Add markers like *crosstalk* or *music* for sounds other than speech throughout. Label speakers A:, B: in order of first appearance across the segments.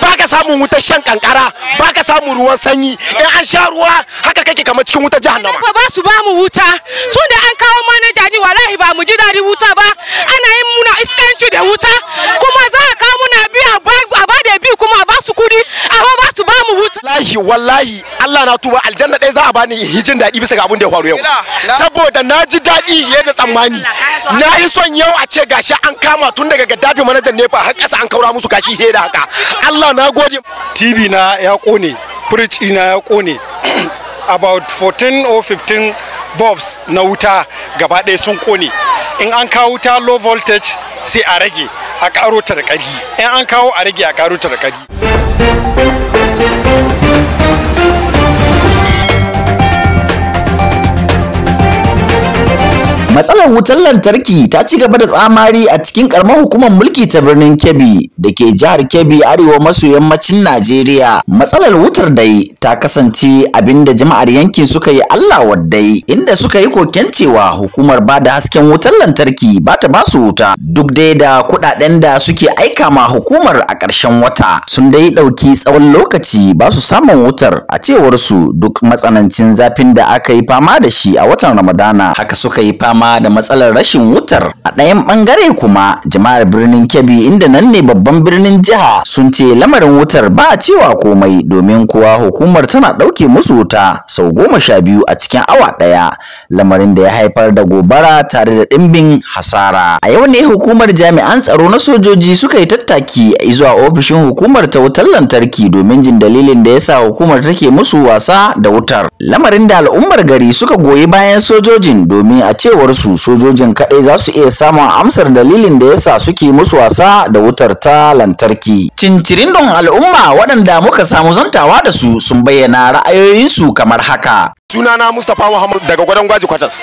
A: baka samun wutar shan kankara baka samun ruwan sanyi in an sha ruwa haka kake kama cikin wutar jahannama ba ba su ba mu wuta tunda an kawo manaja ni wallahi ba mu ji dadi wuta ba ana yin muna iska wallahi wallahi
B: Allah na tuba aljanna dai za a bani hijin daɗi bisa ga abin da ya faru yau saboda na ji daɗi fiye da tsammani na yi son yau a ce gashi an kama tun daga gaddafi manajan nefa har ƙasa an kaura musu gashi fiye da haka Allah
C: na gode TV na ya kone fridge na ya kone *clears throat* about 14 or 15 bulbs na wuta gaba ɗaya sun kone in an kawo wuta low voltage sai a rage a karo ta da in an kawo a rage a karo ta
D: matsalar wutar lantarki ta ci gaba da tsamari a cikin karamar hukumar mulki ta birnin kebbi da ke jihar kebbi arewa maso yammacin najeriya matsalar wutar dai ta kasance abinda jama'ar yankin suka yi allah waddai inda suka yi koken cewa hukumar ba da hasken wutar lantarki ba ta basu wuta duk dai da kuɗaɗen da suke aika ma hukumar a karshen wata sun dai ɗauki tsawon lokaci ba su samun wutar a cewar su duk matsanancin zafin da aka yi fama da shi a watan ramadana haka suka yi fama fama da matsalar rashin wutar a ɗayan ɓangare kuma jama'ar birnin kebbi inda nan ne babban birnin jiha sun ce lamarin wutar ba a cewa komai domin kuwa hukumar tana ɗauke musu wuta sau goma sha biyu a cikin awa ɗaya lamarin da ya haifar da gobara tare da ɗimbin hasara a yau ne hukumar jami'an tsaro na sojoji suka yi tattaki zuwa ofishin hukumar ta wutar lantarki domin jin dalilin da ya sa hukumar take musu wasa da wutar lamarin da al'ummar gari suka goyi bayan sojojin domin a cewar su sojojin kadai za su iya samun amsar dalilin da yasa suke musu wasa da wutar ta lantarki cincirin don al'umma waɗanda muka samu zantawa da su sun bayyana ra'ayoyinsu kamar haka sunana mustapha muhammad daga gwadon gwaji kwatas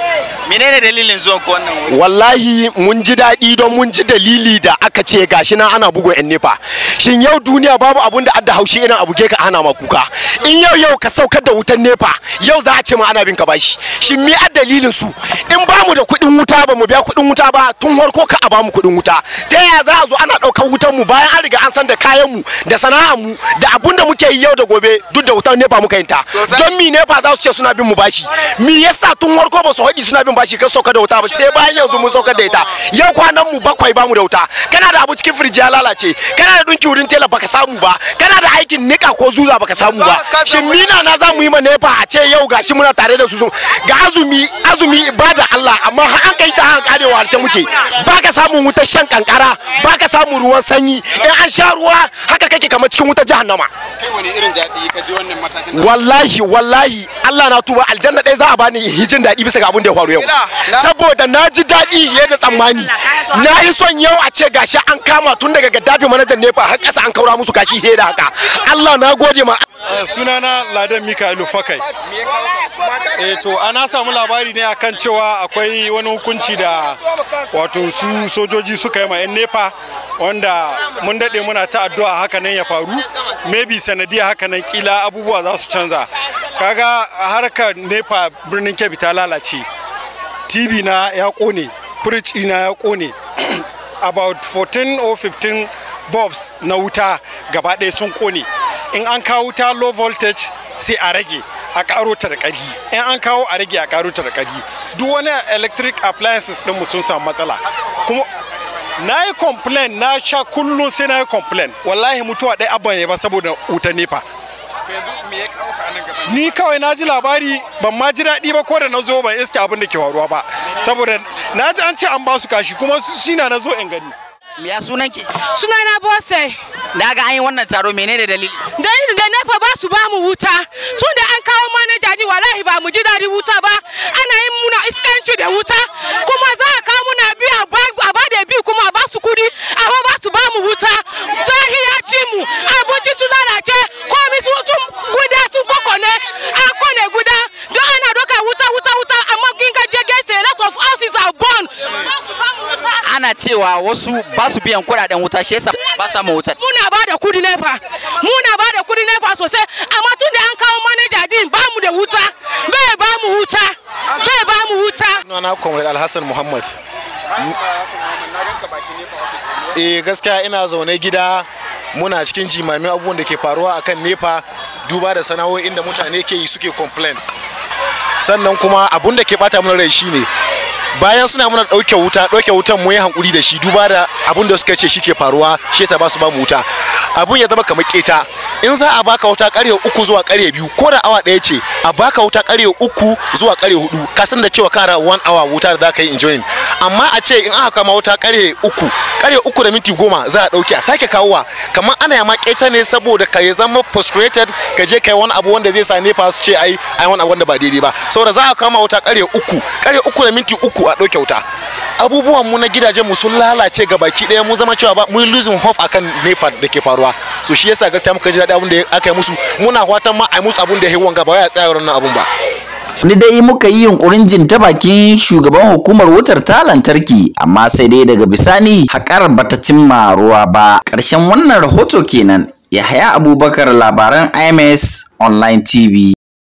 D: menene dalilin zuwa ku wannan wuri wallahi mun
B: ji daɗi don mun ji dalili da aka ce gashi na ana bugun yan nefa shin yau duniya babu abun da adda haushi irin abuge ka ana ma kuka in yau yau ka saukar da wutan nefa yau za a ce ma ana bin ka bashi shin me a dalilin su in ba mu da kuɗin wuta ba mu biya kuɗin wuta ba tun farko ka a ba mu kuɗin wuta ta yaya za a zo ana ɗaukar wutan mu bayan an riga an san da kayan mu da sana'ar mu da abun da muke yi yau da gobe duk da wutan nefa muka yinta don mi nefa za su ce suna bin mu bashi me yasa tun warko ba su haɗi suna bin bashi kan sauka da wuta ba sai bayan yanzu mun sauka da ita yau kwanan mu bakwai ba mu da wuta kana da abu cikin firji ya lalace kana da dunki wurin tela baka samu ba kana da aikin nika ko zuza baka samu ba shin mina na za mu yi ma nefa a ce yau gashi muna tare da su ga azumi azumi ibada Allah amma har an kai ta har karewa ce muke baka samu wutar shan kankara baka samu ruwan sanyi in an sha ruwa haka kake kamar cikin wutar jahannama
C: kai wani irin ka ji wannan matakin wallahi wallahi
B: Allah na mutu ba aljanna ɗaya za a bani jin daɗi bisa ga abin da ya faru yau saboda na ji daɗi fiye da tsammani na yi son yau a ce gashi an kama tun daga gaddafi manajan nefa har kasa an kaura musu gashi fiye da haka
C: allah na gode ma eh, sunana ladan mikaelu fakai eh to ana samu labari ne akan cewa akwai wani hukunci da wato su sojoji suka yi ma yan nepa wanda mun daɗe muna ta addu'a haka nan ya faru maybe sanadiyar haka nan kila abubuwa za su canza kaga harka nepa birnin kebbi ta lalace tv na ya kone fridge na ya kone *clears throat* about 14 or 15 bulbs na wuta gaba ɗaya sun kone in an kawo wuta low voltage sai a rage a karo ta da ƙarfi in an kawo a rage a karo ta da ƙarfi duk wani electric appliances mu sun samu matsala kuma na yi complain na sha kullum sai na yi complain wallahi mutuwa ɗaya abban ya ba saboda wuta nepa ni kawai na ji labari ban ma ji daɗi ba ko da na zo ban iske abin da ke faruwa ba saboda na ji an ce an ba su kashi kuma shi na na zo in gani ya sunan ki sunana bose na ga an yi wannan taro
D: menene dalili
A: dalilin da nafa ba su ba mu wuta tun da an kawo manaja ni wallahi ba mu ji daɗi wuta ba ana yin muna iskanci da wuta
D: cewa wasu ba su biyan kuɗaɗen wuta shi yasa ba sa mu wutar
A: muna ba da kudi ne fa muna ba da kudi ne fa sosai amma tun da an kawo manaja din ba mu da wuta bai
E: ba mu wuta bai ba mu wuta na comrade alhassan muhammad eh gaskiya ina zaune gida muna cikin jimami abubuwan da ke faruwa akan nepa duba da sana'o'in da mutane ke yi suke complain sannan kuma abun da ke bata mana rai shine bayan suna muna ɗauke wuta ɗauke wutan mu yi hankuri da shi duba da abun da suka ce shi ke faruwa shi yasa ba su ba mu wuta abun ya zama kamar keta in za a baka wuta ƙarya uku zuwa ƙarya biyu ko da awa ɗaya ce a baka wuta ƙarya uku zuwa ƙarya hudu ka san da cewa kara one hour wuta da za ka yi enjoying amma a ce in aka kama wuta kare uku kare uku da minti goma za a dauke a sake kawowa kamar ana yama keta ne saboda ka ya zama frustrated ka je kai wani abu wanda zai sa nepa su ce ai ai wani abu wanda ba daidai ba saboda za a kama wuta kare uku kare uku da minti uku a dauke wuta abubuwan mu na gidajen mu sun lalace ga baki daya mun zama cewa ba mun losing hope akan nefa da ke faruwa so shi yasa gaskiya muka ji daɗi abin da aka yi musu muna fatan ma ai musu abun da ya yi wanga ba ya tsaya wannan abun ba
D: ni dai muka yi yunkurin jin ta bakin shugaban hukumar wutar ta lantarki amma sai dai daga bisani haƙar bata cimma ruwa ba. Ƙarshen wannan rahoto kenan. Yahaya Abubakar labaran IMS Online TV.